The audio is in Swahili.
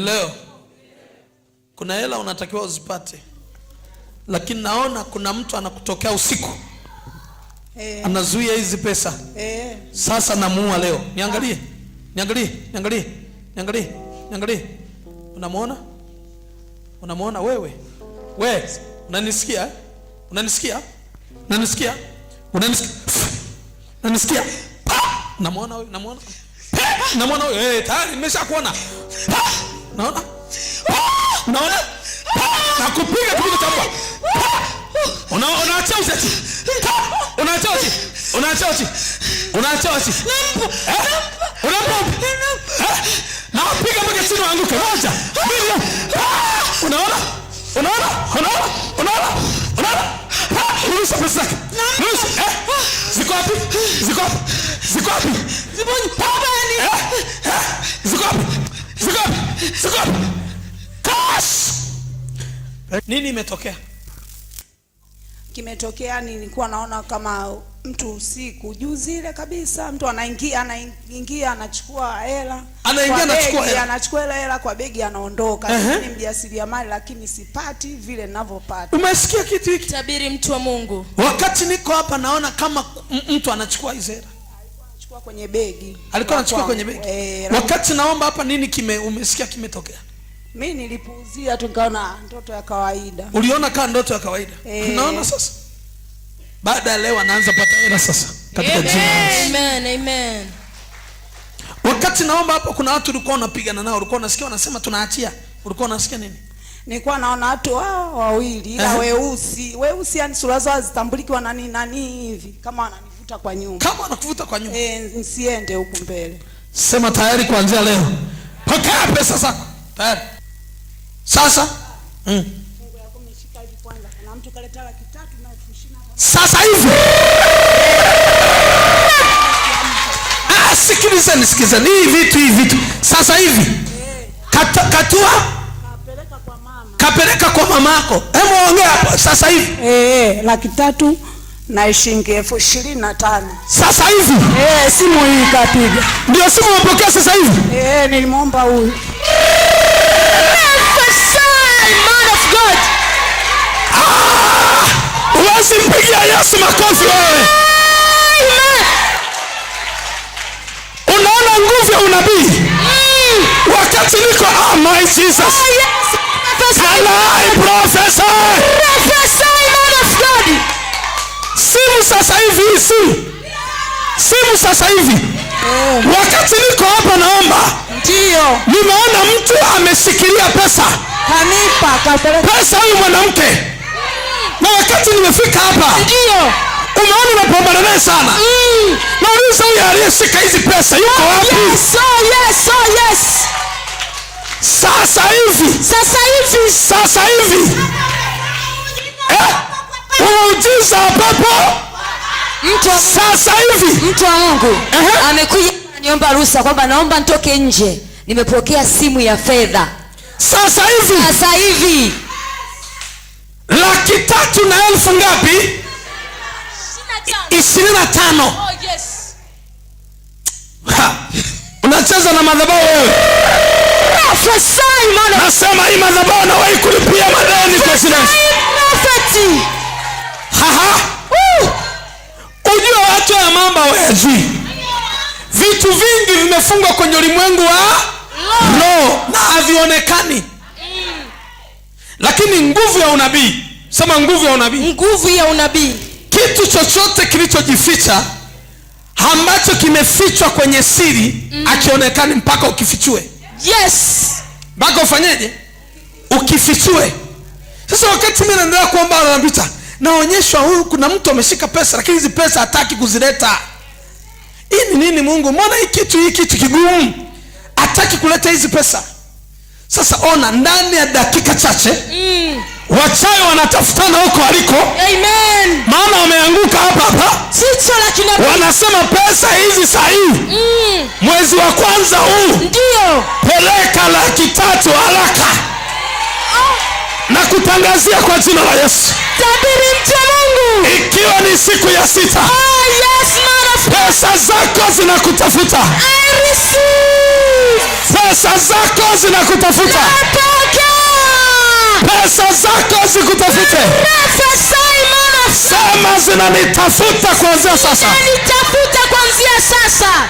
Leo kuna hela unatakiwa uzipate, lakini naona kuna mtu anakutokea usiku eh, anazuia hizi pesa eh. Sasa namuua leo, niangalie niangalie niangalie niangalie niangalie. Unamwona, unamwona wewe, we unanisikia, unanisikia, unanisikia, unanisikia, unanisikia, unamwona, unamwona, unamwona, eh, tayari nimeshakuona naona naona nakupiga kipigo cha mbwa unaachia uzachi unaachia uchi unaachia uchi unaachia uchi eh? unampa eh? napiga mpaka chini waanguke moja mbili unaona unaona unaona unaona unaona rudisha pesa zake rudisha eh ziko wapi ziko wapi ziko wapi eh? ziko wapi ziko wapi nini imetokea? Kimetokea nilikuwa naona kama mtu usiku juu ile kabisa, mtu anaingia anaingia anachukua hela anaingia anachukua hela anachukua hela hela kwa begi anaondoka. uh -huh. Ni mjasiriamali lakini sipati vile ninavyopata. Umesikia kitu hiki? Tabiri mtu wa Mungu, wakati niko hapa naona kama mtu anachukua hizo hela anachukua kwenye begi, alikuwa anachukua kwenye begi e, wakati naomba hapa. Nini kime umesikia kimetokea? Mimi nilipuuzia tu nikaona ndoto ya kawaida. Uliona kama ndoto ya kawaida e. Eh. Naona sasa baada ya leo anaanza pata hela sasa katika amen. Jina amen, amen. Wakati naomba hapa kuna watu ulikuwa unapigana nao, ulikuwa unasikia wanasema tunaachia, ulikuwa unasikia nini? Nilikuwa naona watu hao wawili ila eh. weusi weusi, yani sura zao hazitambuliki, wanani nani hivi kama wanani anavuta kwa nyuma, kama anakuvuta kwa nyuma, eh, msiende huku mbele. Sema tayari, kuanzia leo pokea pesa zako tayari. Sasa mm. Sasa hivi ah, sikilizeni, sikilizeni hii vitu hii vitu sasa hivi eh. kata, katua kapeleka kwa mama, kapeleka kwa mamako. Hebu ongea hapo sasa hivi eh, eh laki tatu na shilingi elfu ishirini na tano sasa hivi e, simu hii ikapiga. Ndio simu umepokea sasa hivi e, nilimwomba huyu ah, Simpigia Yesu makofi wewe. Unaona nguvu ya unabii mm. Wakati niko oh my Jesus oh, yes. Professor. Professor. Professor, man of God simu sasa hivi si simu sasa hivi yeah. Oh. Wakati niko hapa naomba, ndio nimeona mtu ameshikilia pesa kanipa pesa huyu mwanamke na wakati nimefika hapa ndio umeona unapambana naye sana mm. Nauliza huyu aliyeshika hizi pesa yuko oh, wapi? oh, yes, oh, yes, oh, yes. Sasa hivi sasa hivi sasa hivi eh? Muujiza wa pepo mtu wa sasa hivi, mtu wa Mungu amekuja niomba ruhusa kwamba naomba nitoke nje, nimepokea simu ya fedha sasa hivi, sasa hivi laki tatu na elfu ngapi? ishirini na tano. Oh, Unacheza na madhabahu wewe. Nasema hii madhabahu nawahi kulipia madeni kwa sinasi raha uh, watu ya mambo hawayajui. Vitu vingi vimefungwa kwenye ulimwengu wa roho na havionekani, lakini nguvu ya unabii. Sema nguvu ya unabii, nguvu ya unabii. Kitu chochote kilichojificha ambacho kimefichwa kwenye siri mm, akionekani mpaka ukifichue. Yes, mpaka ufanyeje? Ukifichue. Sasa wakati mi naendelea kuomba, anapita naonyeshwa huyu, kuna mtu ameshika pesa, lakini hizi pesa hataki kuzileta. Hii ni nini Mungu? Mbona hii kitu hii kitu kigumu, hataki kuleta hizi pesa. Sasa ona, ndani ya dakika chache mm. Wachawi wanatafutana huko aliko. Amen. Maana wameanguka hapa hapa, wanasema pesa hizi sahihi mm. mwezi wa kwanza huu ndio peleka laki tatu haraka oh. na kutangazia kwa jina la Yesu Tabiri mcha Mungu, ikiwa ni siku ya sita, oh, yes, pesa zako zinakutafuta, pesa zako zinakutafuta, pesa zako zikutafute. Sema zinanitafuta kuanzia sasa, sasa.